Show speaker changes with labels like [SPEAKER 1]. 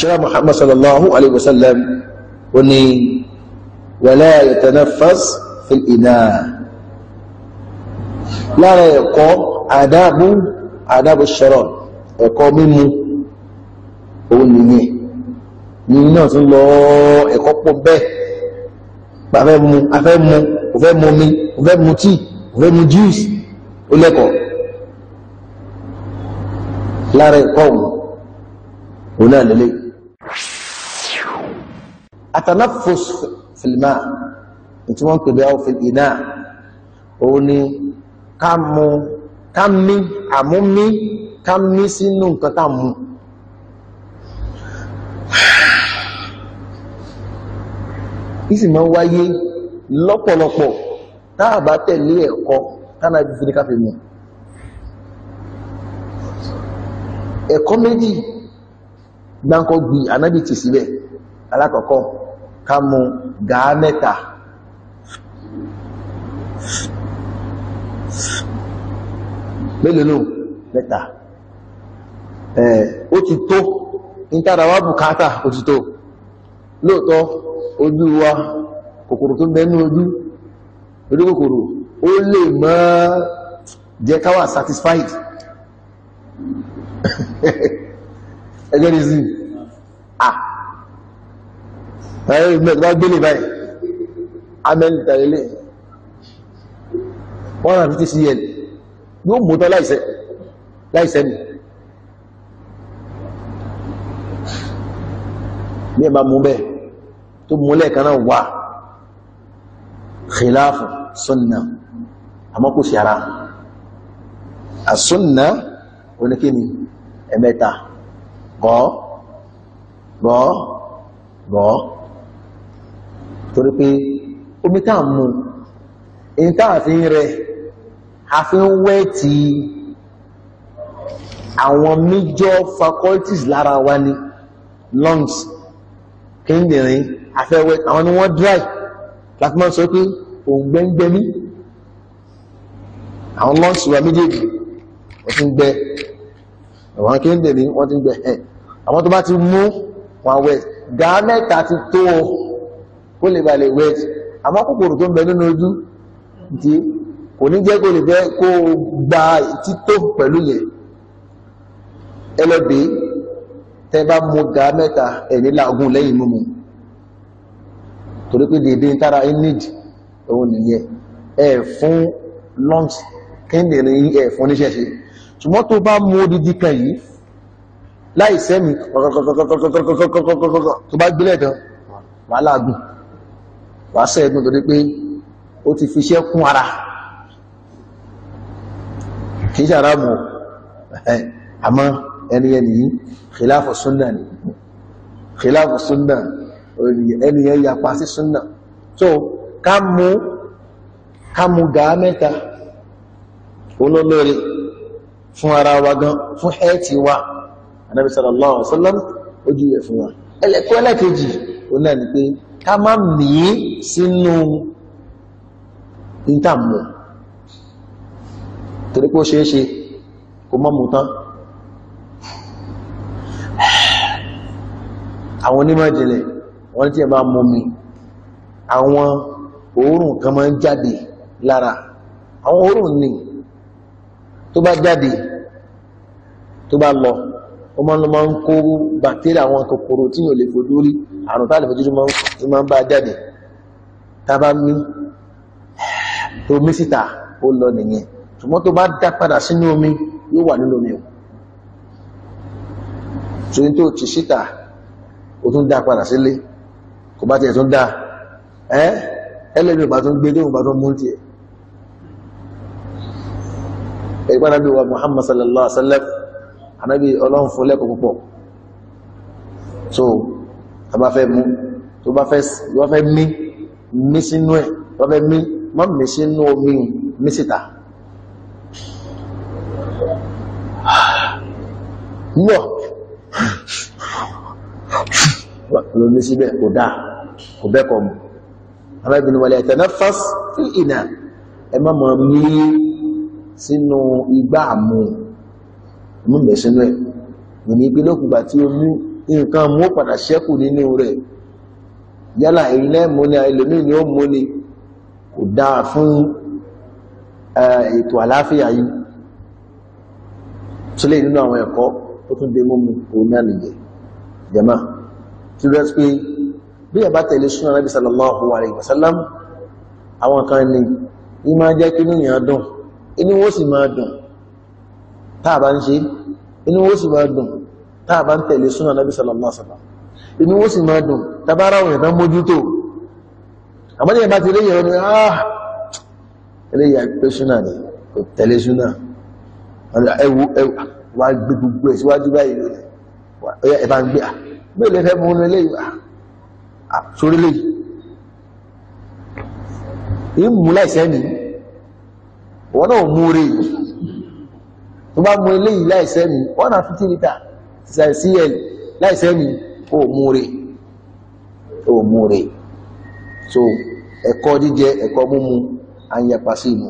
[SPEAKER 1] ṣíra muhammad sallallahu alaihi wasallam ó ní wala yatanafas fil ina lára ẹ̀kọ́ àdábù àdábù ṣọ́rọ̀ ẹ̀kọ́ mímu òun nìyẹn ní náà tún lọ ẹ̀kọ́ pọ̀ bẹ́ẹ̀ afẹ́ mu afẹ́ mu kò fẹ́ mu omi kò mu tíì kò mu juice ó lẹ́kọ̀ọ́ lára ẹ̀kọ́ òun náà lélẹ́yìí atanafus filima tí wọ́n pè bẹ́ẹ̀ òfin iná òun ni ká mu ká mí àmúmí ká mí sínú nǹkan tá mu ìsì máa ń wáyé lọ́pọ̀lọpọ̀ táàbá tẹ̀lé ẹ̀kọ́ tánà ibi fìdíká fi mú ẹ̀kọ́ méjì gbáǹkọ́ gbì anábì síbẹ̀ alákọ̀ọ́kọ́ ká mú gàá mẹ́ta mélòó mẹ́ta ẹ̀ ó ti tó ìtàdàwà o ó ti tó lóòtọ́ ojú wa kòkòrò tó bẹnu ojú ojú kòkòrò ó lè mọ́ jẹ́ ká wà satisfied ẹgbẹ́rìsìn ah ẹ̀rọ ìgbìmọ̀ tó bá gbélé báyìí amẹ́lì tàrẹlẹ̀ 150 cl yóò mú tán láìsẹ́ láìsẹ́ nì bí ẹ ma mú bẹ́ tó mú lẹ́ẹ̀kan náà wà khilafu sunna àmọ́ kò sí ara àsúnnà oníkíni ẹ̀mẹ́ta bọ́ bọ́ bọ́ torí pé omi tá à ń mu èyí tá fi ń rẹ a fi ń wẹ́ ti àwọn major faculties lára wa ni lungs kíndìnrín afẹ́wẹ́ àwọn ni wọ́n dry láti máa sọ pé òǹgbẹ́ ń gbẹ mí àwọn lungs wa méjèèjì wọ́n ti ń gbẹ àwọn kíndìnrín wọ́n ti ń gbẹ ẹ̀ àwọn tó bá ti mú wọn wẹ̀ gáà mẹ́ta ti tó o kó lè balẹ̀ wet àmọ́ kòkòrò tó ń bẹ nínú ojú tí kò ní jẹ́ kó lè fẹ́ kó gba títò pẹ̀lú yẹn ẹlọ́bẹ̀ tẹ́ bá mú ga mẹ́ta ẹ̀ní lágùn lẹ́yìn múmu torí pé dèdè tára inid òun nìyẹn ẹ̀ fún lungs kíndìnrín ẹ̀ fún oníṣẹ́ṣe ṣùgbọ́n tó bá mú odidi kan yìí láìsẹ́mi kọ̀kọ̀kọ̀kọ̀kọ̀kọ̀kọ̀kọ̀kọ̀kọ̀ tó bá gbílẹ̀ tán wà láàgùn wàá sẹ́ ẹ̀dùn torí pé ó ti fi iṣẹ́ kún ara kì í ṣàrá mọ̀ àmọ́ ẹni ẹni yìí khilafu sunna ni khilafu sunna ẹni yẹn yapa sí sunna so ká mú ká mú gàá mẹ́ta olólórí fún ara wa gan fún ẹ̀ẹ́tì wa anábi sallallahu alaihi wasallam ojú ẹ̀ fún wa ẹlẹ́kọ́ ẹlẹ́kejì ó náà ni pé ká má mí sínú ìtàmù torí pé ó ṣe é ṣe kò mọ́ mú tán àwọn onímọ̀ ìjìnlẹ̀ wọ́n tí ẹ bá mú mi àwọn òórùn kan máa jáde lára àwọn òórùn ni tó bá jáde tó bá lọ ọmọ ló máa ń kóró bàtírí àwọn kòkòrò tí yóò lè fojú rí àrùn tàà lè fojú rí máa ń bá jáde tàbá mí tó mí síta ó lọ nìyẹn ṣùgbọ́n tó bá dá padà sínú omi yóò wà nínú omi tó ní tó ti síta ó tún dá padà sílé kò bá tiẹ̀ tún dá ẹ́ ẹlẹ́bí ò bá tún gbé déhùn bá tún mú tiẹ̀ ẹ̀gbọ́n nàbí wa Muhammad sallallahu alaihi wa sallam anábì ọlọ́run fún lẹ́kọ̀ọ́ púpọ̀ so àbá fẹ́ mú tó bá fẹ́ mí mí sínú ẹ̀ tó fẹ́ mí mọ́ mí sínú omi mí síta mọ́ ló mí síbẹ̀ kò dáa kò bẹ́kọ̀ mú arábìnrin wà lẹ́ẹ̀tẹ̀ náà fásitì ìnà ẹ má mọ̀ mí sínú igbá àmú mú mẹ́sìn rẹ̀ mo ní pé lókùgbà tí o mú nǹkan mú padà ṣẹ́kù nínú rẹ̀ yálà èyí náà mú ni ẹlòmíì ni ó mú ni kò dáa fún ètò àlàáfíà yìí tó lè nínú àwọn ẹ̀kọ́ tó tún dé mú mi kò náà nìyẹn jẹ́mà alaihi wasallam àwọn kan ni ní máa jẹ́ wọ́n sì máa dùn táà bá ń ṣe inú ó sì máa dùn táà ń tẹ̀lé súnà nábì sallallahu alaihi wasallam inú ó sì máa dùn tàbára òyìn tán mójútó àmọ́dé ẹ̀bá ti ah, léyẹ̀ ni kò tẹ̀lé ni wọ́n náà tó bá mú eléyìí láìsẹ́ mi 150 litre cl láìsẹ́ mi ó mú rẹ̀ ó mú rẹ̀ so ẹ̀kọ́ jíjẹ ẹ̀kọ́ múmu à ń ìmú